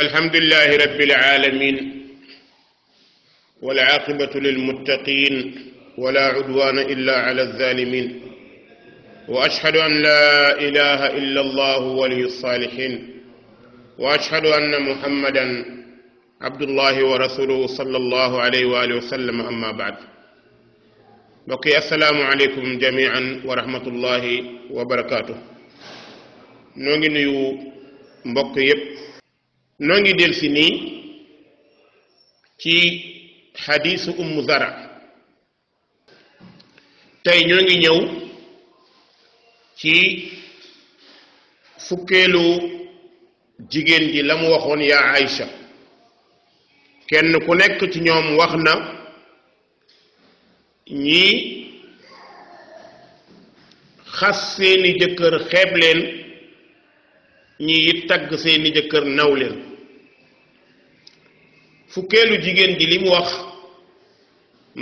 الحمد لله رب العالمين والعاقبة للمتقين ولا عدوان إلا على الظالمين وأشهد أن لا إله إلا الله ولي الصالحين وأشهد أن محمدا عبد الله ورسوله صلى الله عليه وآله وسلم أما بعد بقي السلام عليكم جميعا ورحمة الله وبركاته نوغي نيو مبقي يب noo ngi del nii ci xadiisu ummu zara tey ñoo ngi ñëw ci fukkeelu jigéen ji la mu waxoon yaa Aïcha kenn ku nekk ci ñoom wax na ñi xas seeni jëkkër xeeb leen ñi it tagg seeni jëkkër naw leen fukkeelu jigéen ji li mu wax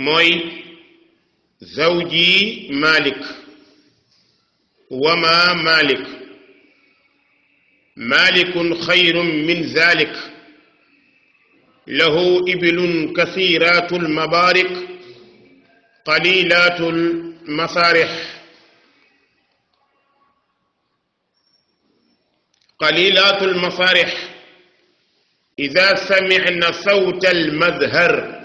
mooy zawji malik wama malik malikun xayrun min zalik lahu ibilun kasiratu almabarik qalilatu almasarih qalilatu almasarih إذا سمعن صوت المذهر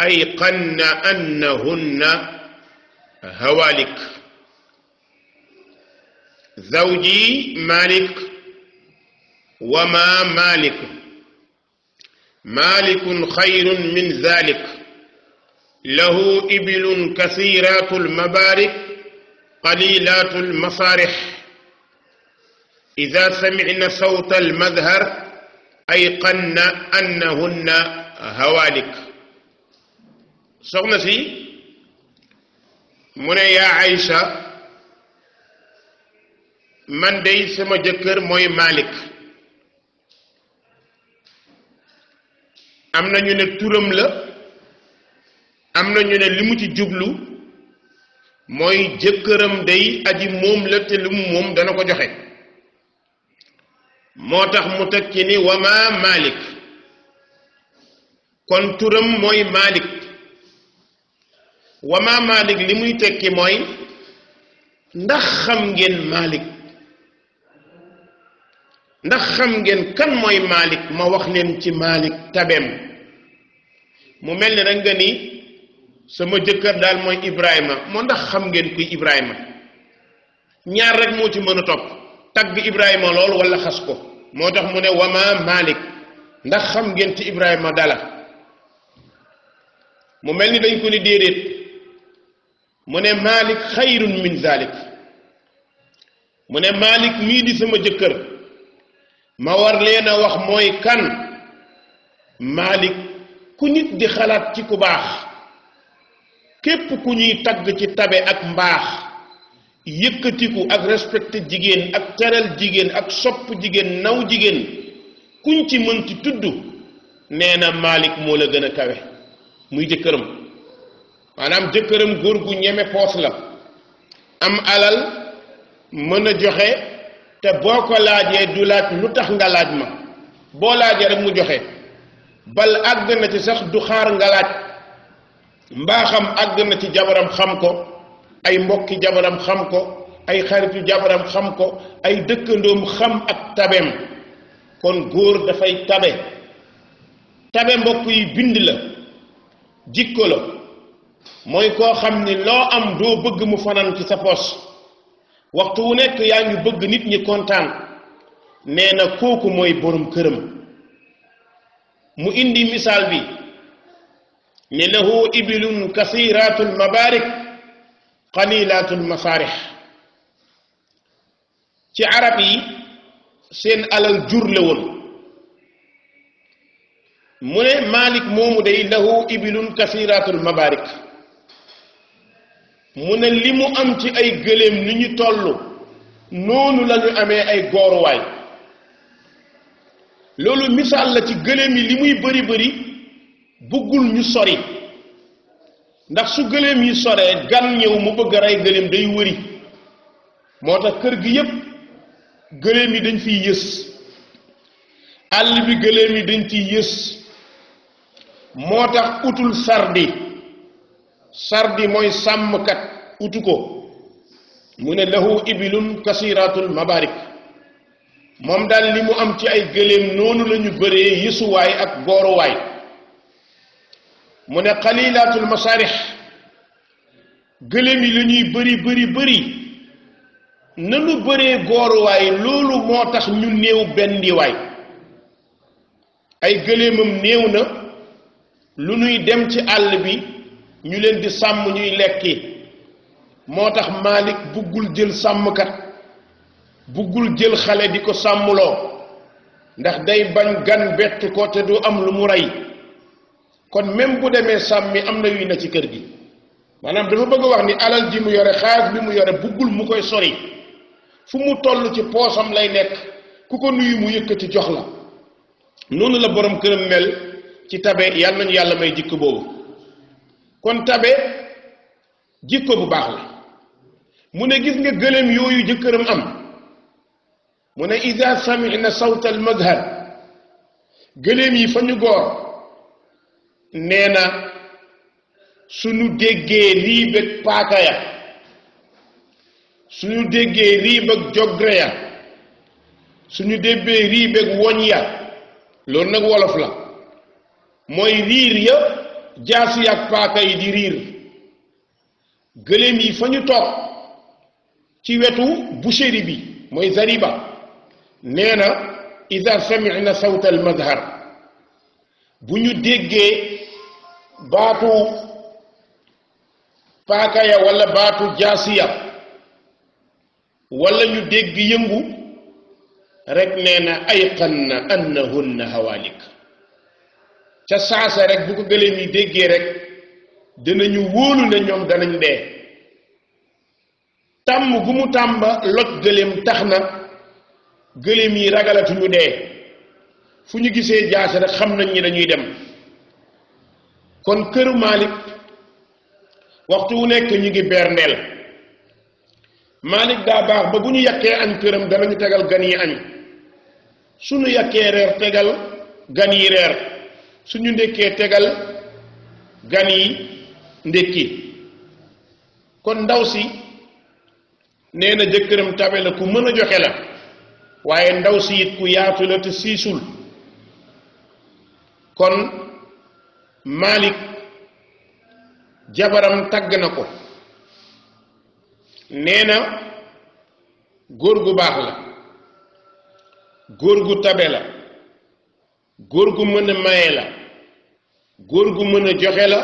أيقن أنهن هوالك زوجي مالك وما مالك مالك خير من ذلك له إبل كثيرات المبارك قليلات المصارح إذا سمعن صوت المذهر أيقن أنهن هوالك soxna si mu ne yaa Aïcha man dey sama jëkkër mooy Malik am na ñu ne turam la am na ñu ne li mu ci jublu mooy jëkkëram day aji moom la te li mu moom dana ko joxe moo tax mu tekki ni wama Malik kon turam mooy Malik wama Malik li muy tekki mooy ndax xam ngeen Malik ndax xam ngeen kan mooy Malik ma wax leen ci Malik tabeem mu mel ni rek nga ni sama jëkkër daal mooy Ibrahima moo ndax xam ngeen kuy Ibrahima ñaar rek moo ci mën a topp tagg ibrahima lool wala xas ko moo tax mu ne wama malik ndax xam ngeen ci ibrahima dala mu mel ni dañ ko ni déedéet mu ne malik xayrun min zalik mu ne malik mii di sama jëkkër ma war leen a wax mooy kan malik ku nit di xalaat ci ku baax képp ku ñuy tagg ci tabe ak mbaax yëkkatiku ak respecté jigéen ak teral jigéen ak sopp jigéen naw jigéen kuñ ci mënti tudd nee na Malik moo la gën a kawe muy jëkkëram maanaam jëkkëram góor gu ñeme poos la am alal mën a joxe te boo ko laajee du laaj lu tax nga laaj ma boo laajee rek mu joxe bal àgg na ci sax du xaar nga laaj mbaa àgg na ci jabaram xam ko ay mbokki jabaram xam ko ay xaritu jabaram xam ko ay dëkkandoom xam ak tabem kon góor dafay tabe tabe mbokk yi bind la jikko la mooy koo xam ni loo am doo bëgg mu fanan ci sa pos waxtu wu nekk yaa ngi bëgg nit ñi kontaan nee na kooku mooy borom këram mu indi misaal bi ne lahu ibilun kasiratul mabarik قليلات المصارح في عربي سين على الجر لون من مالك مومو دي له إبل كثيرات المبارك من اللي مؤمتي أي قلم نيني تولو نون لن أمي أي غورواي لولو مثال التي قلم اللي مي بري بري بقول نصري ndax su gëléem yi sore gan ñëw mu bëgg a rey gëléem day wëri moo tax kër gi yépp gëléem yi dañ fiy yës àll bi gëléem yi dañ ciy yës moo tax utul sardi sardi mooy sàmmkat utu ko mu ne lahu ibilun kasiratul mabarik moom daal li mu am ci ay gëléem noonu lañu bëree yësuwaay ak gooruwaay mu ne xalilaatul masaarix gëléem yi lu ñuy bëri bëri bëri nanu bëree gooruwaay loolu moo tax ñu néew benn diwaay ay gëléemam néew na lu ñuy dem ci àll bi ñu leen di sàmm ñuy lekki moo tax Malik buggul jël sàmmkat buggul jël xale di ko sàmmuloo ndax day bañ gan bett ko te du am lu mu rey kon même bu demee sàmmi am na yuy ne ci kër gi maanaam dafa bëgg wax ni alal ji mu yore xaalis bi mu yore buggul mu koy sori fu mu toll ci poosam lay nekk ku ko nuyu mu yëkkati jox la noonu la borom këram mel ci tabe yàlla nañu yàlla may jikko boobu kon tabe jikko bu baax la mu ne gis nga gëlem yooyu jëkkëram am mu ne ida samina sawta almadhab gëlem yi fa ñu goor nee na suñu déggee riib ak paaka ya suñu déggee riib ak jogre ya suñu déggee riib ak woñ ya loolu nag wolof la mooy riir ya jaasi ak paaka yi di riir gëléem yi fa ñu toog ci wetu boucherie bi mooy zariba nee na ida samina sawta al mazhar bu ñu déggee baatu paaka ya walla baatu jaasiya walla ñu dégg yëngu rek nee na ayqanna annahunna hawalik ca saasa rek bu ko gëléem yi déggee rek dinañu wóolu ne ñoom danañ dee tàmm gu mu tàmba loj gëléem tax na gëléem yi ragalatuñu dee fu ñu gisee jaase xam nañ ñi dañuy dem kon këru Malik waxtu wu nekk ñu ngi berndeel Malik daa baax ba bu ñu yàkkee añ këram danañu tegal gan yi añ suñu yàkkee reer tegal gan yi reer suñu ndékkee tegal gan yi ndékki kon ndaw si nee na jëkkëram tabe la ku mën a joxe la waaye ndaw si yit ku yaatu la te siisul kon Malik jabaram tagg na ko nee na góor gu baax la góor gu tabe la góor gu mën a maye la góor gu mën a joxe la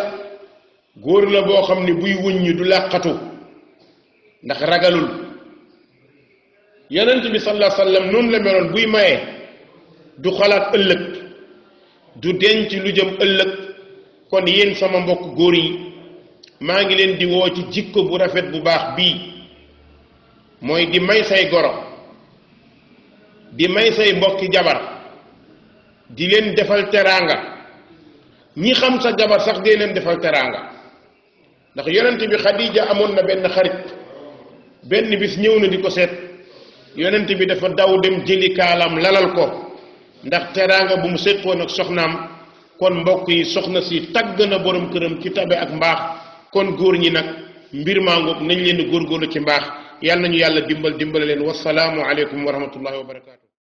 góor na boo xam ne buy wuññi du làqatu ndax ragalul yonent bi sallallahu alayhi wa sallam la meloon buy maye du xalaat ëllëg du denc lu jëm ëllëg kon yéen sama mbokk góor yi maa ngi leen di woo ci jikko bu rafet bu baax bii mooy di may say goro di may say mbokki jabar di leen defal teraanga ñi xam sa jabar sax dee leen defal teraanga ndax yonent bi Xadiija amoon na benn xarit benn bis ñëw na di ko seet yonent bi dafa daw dem jëli kaalam lalal ko ndax teraanga bu mu séqoon ak soxnaam kon mbokk yi soxna sii tàgg na borom këram ci tabe ak mbaax kon góor ñi nag mbir maangoog nañu leen di góorgóorlu ci mbaax yàlla nañu yàlla dimbal dimbale leen wasalaamu aleykum wa rahmatullahi wa barakaatu.